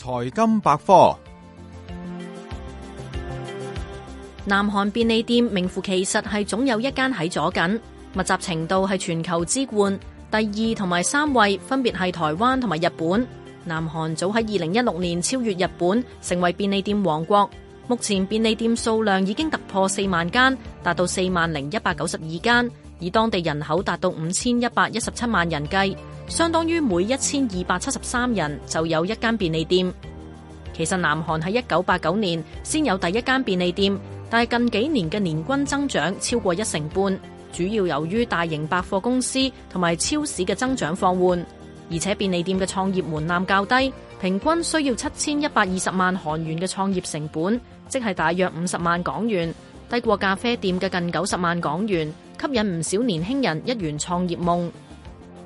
財金百科，南韓便利店名副其實係總有一間喺左近，密集程度係全球之冠。第二同埋三位分別係台灣同埋日本。南韓早喺二零一六年超越日本，成為便利店王國。目前便利店數量已經突破四萬間，達到四萬零一百九十二間。以當地人口達到五千一百一十七萬人計，相當於每一千二百七十三人就有一間便利店。其實南韓喺一九八九年先有第一間便利店，但係近幾年嘅年均增長超過一成半，主要由於大型百貨公司同埋超市嘅增長放緩，而且便利店嘅創業門檻較低，平均需要七千一百二十萬韓元嘅創業成本，即係大約五十萬港元，低過咖啡店嘅近九十萬港元。吸引唔少年輕人一圓創業夢。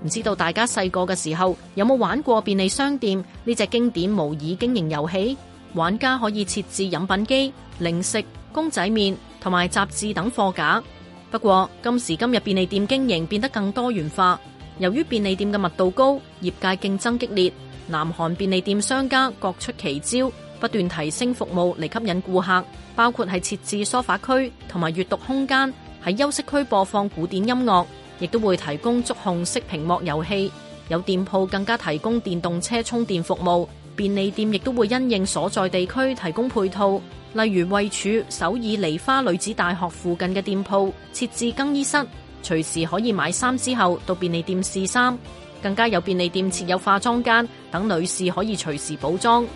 唔知道大家細個嘅時候有冇玩過便利商店呢隻經典模擬經營遊戲？玩家可以設置飲品機、零食、公仔麵同埋雜誌等貨架。不過今時今日便利店經營變得更多元化。由於便利店嘅密度高，業界競爭激烈，南韓便利店商家各出奇招，不斷提升服務嚟，吸引顧客，包括係設置梳化區同埋閱讀空間。喺休息區播放古典音樂，亦都會提供觸控式屏幕遊戲。有店鋪更加提供電動車充電服務，便利店亦都會因應所在地區提供配套，例如位處首爾梨花女子大學附近嘅店鋪設置更衣室，隨時可以買衫之後到便利店試衫。更加有便利店設有化妝間，等女士可以隨時補妝。